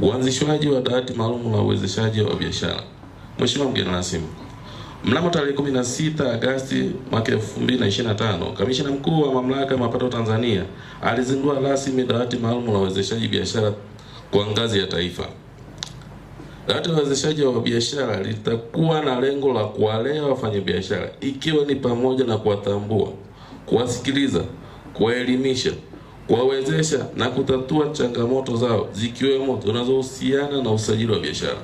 Uanzishwaji wa dawati maalum la uwezeshaji wa biashara. Mheshimiwa mgeni rasmi, mnamo tarehe 16 Agosti mwaka 2025, kamishina Mkuu wa Mamlaka ya Mapato Tanzania alizindua rasmi dawati maalum la uwezeshaji biashara kwa ngazi ya taifa. Dawati la uwezeshaji wa biashara litakuwa na lengo la kuwalea wafanyabiashara, ikiwa ni pamoja na kuwatambua, kuwasikiliza, kuwaelimisha kuwawezesha na kutatua changamoto zao zikiwemo zinazohusiana na usajili wa biashara.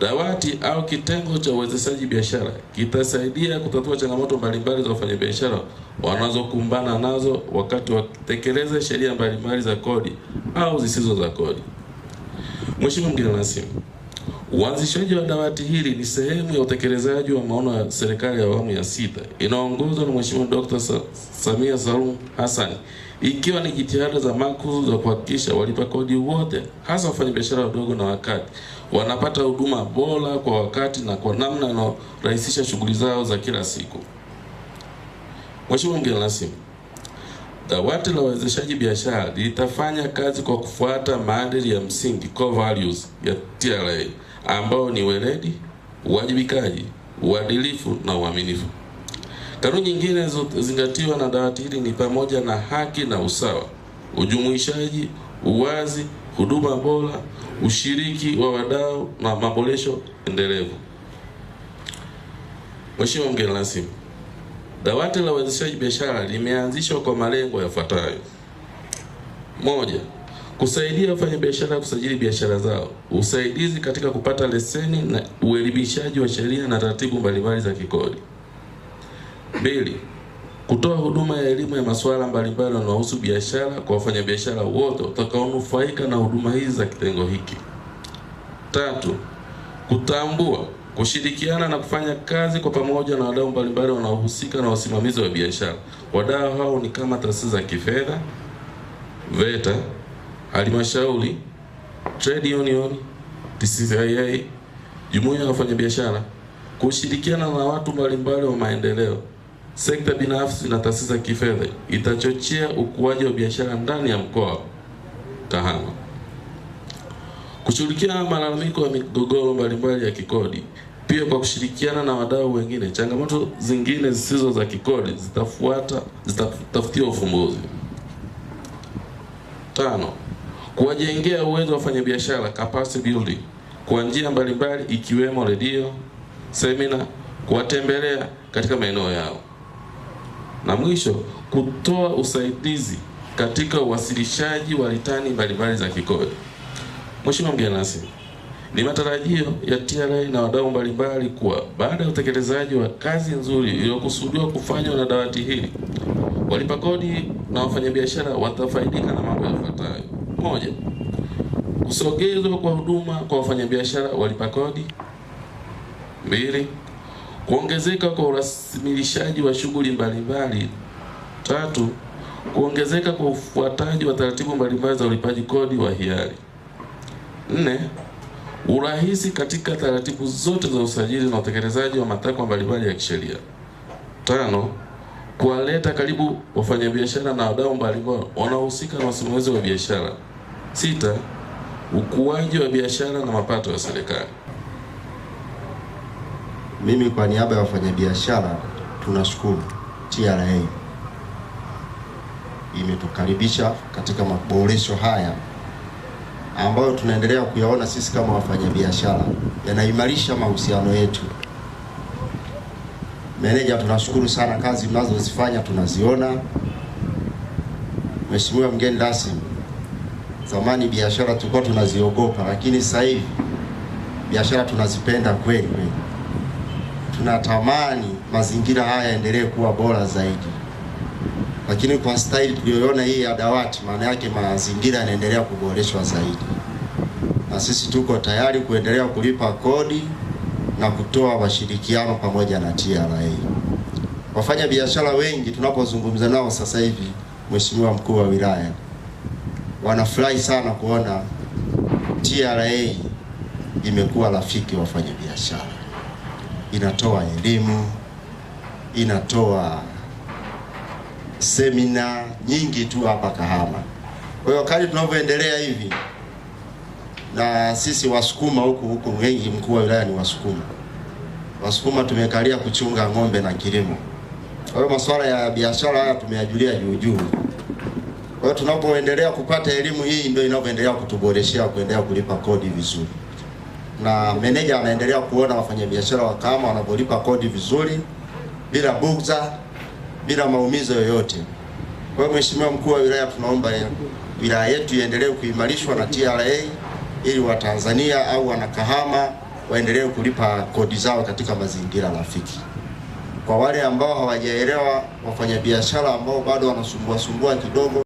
Dawati au kitengo cha uwezeshaji biashara kitasaidia kutatua changamoto mbalimbali za wafanyabiashara wanazokumbana nazo wakati wa kutekeleza sheria mbalimbali za kodi au zisizo za kodi. Mheshimiwa mgeni rasmi Uanzishaji wa dawati hili ni sehemu ya utekelezaji wa maono ya serikali ya awamu ya sita inaongozwa na Mheshimiwa Dkt. Sa Samia Suluhu Hassan, ikiwa ni jitihada za makusudi za kuhakikisha walipa kodi wote, hasa wafanyabiashara wadogo na wakati, wanapata huduma bora kwa wakati na kwa namna inayorahisisha shughuli zao za kila siku. Mheshimiwa mgeni rasmi Dawati uh, la Wawezeshaji Biashara litafanya kazi kwa kufuata maadili ya msingi core values ya TRA ambao ni weledi, uwajibikaji, uadilifu na uaminifu. Kanuni nyingine zilizozingatiwa na dawati hili ni pamoja na haki na usawa, ujumuishaji, uwazi, huduma bora, ushiriki wa wadau na maboresho endelevu. Mheshimiwa mgeni rasmi Dawati la uwezeshaji biashara limeanzishwa kwa malengo yafuatayo: moja, kusaidia wafanyabiashara kusajili biashara zao, usaidizi katika kupata leseni na uelimishaji wa sheria na taratibu mbalimbali za kikodi; mbili, kutoa huduma ya elimu ya masuala mbalimbali yanayohusu biashara kwa wafanyabiashara wote watakaonufaika na huduma hizi za kitengo hiki; tatu, kutambua kushirikiana na kufanya kazi kwa pamoja na wadau mbalimbali wanaohusika na wasimamizi wa biashara. Wadau hao ni kama taasisi za kifedha, VETA, halmashauri, trade union, TCCIA, jumuiya ya wafanyabiashara, kushirikiana na watu mbalimbali wa maendeleo, sekta binafsi na taasisi za kifedha itachochea ukuaji wa biashara ndani ya mkoa Kahama kushughulikia malalamiko ya migogoro mbalimbali ya kikodi. Pia kwa kushirikiana na wadau wengine, changamoto zingine zisizo za kikodi zitafuata zitatafutiwa ufumbuzi. Tano, kuwajengea uwezo wa wafanyabiashara capacity building kwa njia mbalimbali ikiwemo redio, semina, kuwatembelea katika maeneo yao, na mwisho kutoa usaidizi katika uwasilishaji wa ritani mbalimbali za kikodi. Mheshimiwa mgeni rasmi, ni matarajio ya TRA na wadau mbalimbali kuwa baada ya utekelezaji wa kazi nzuri iliyokusudiwa kufanywa na dawati hili, walipa kodi na wafanyabiashara watafaidika na mambo yafuatayo: moja, kusogezwa kwa huduma kwa wafanyabiashara walipa kodi; mbili, kuongezeka kwa urasimilishaji wa shughuli mbalimbali; tatu, kuongezeka kwa ufuataji wa taratibu mbalimbali za ulipaji kodi wa hiari. Nne, urahisi katika taratibu zote za usajili na utekelezaji wa matakwa mbalimbali ya kisheria. Tano, kuwaleta karibu wafanyabiashara na wadau mbalimbali wanaohusika na usimamizi wa biashara. Sita, ukuaji wa biashara na mapato ya serikali. Mimi kwa niaba ya wafanyabiashara tunashukuru TRA imetukaribisha katika maboresho haya ambayo tunaendelea kuyaona sisi kama wafanyabiashara yanaimarisha mahusiano yetu. Meneja, tunashukuru sana kazi mnazozifanya tunaziona. Mheshimiwa mgeni rasmi, zamani biashara tulikuwa tunaziogopa, lakini sasa hivi biashara tunazipenda kweli kweli. Tunatamani mazingira haya yaendelee kuwa bora zaidi lakini kwa staili tuliyoona hii ya dawati, maana yake mazingira yanaendelea kuboreshwa zaidi, na sisi tuko tayari kuendelea kulipa kodi na kutoa mashirikiano pamoja na TRA. Wafanya biashara wengi tunapozungumza nao sasa hivi, Mheshimiwa Mkuu wa Wilaya, wanafurahi sana kuona TRA imekuwa rafiki wafanya biashara inatoa elimu, inatoa semina nyingi tu hapa Kahama. Kwa hiyo kadri tunavyoendelea hivi, na sisi Wasukuma huku huku, wengi mkuu wa wilaya ni Wasukuma. Wasukuma tumekalia kuchunga ng'ombe na kilimo, kwa hiyo masuala ya biashara haya tumeyajulia juu juu. Kwa hiyo tunapoendelea kupata elimu hii, ndio inavyoendelea kutuboreshea kuendelea kulipa kodi vizuri, na meneja anaendelea kuona wafanyabiashara wa Kahama wanapolipa kodi vizuri bila bugza bila maumizo yoyote. Kwa hiyo Mheshimiwa mkuu wa wilaya, tunaomba wilaya yetu iendelee kuimarishwa na TRA ili Watanzania au wanakahama waendelee kulipa kodi zao katika mazingira rafiki. Kwa wale ambao hawajaelewa, wafanyabiashara ambao bado wanasumbua sumbua kidogo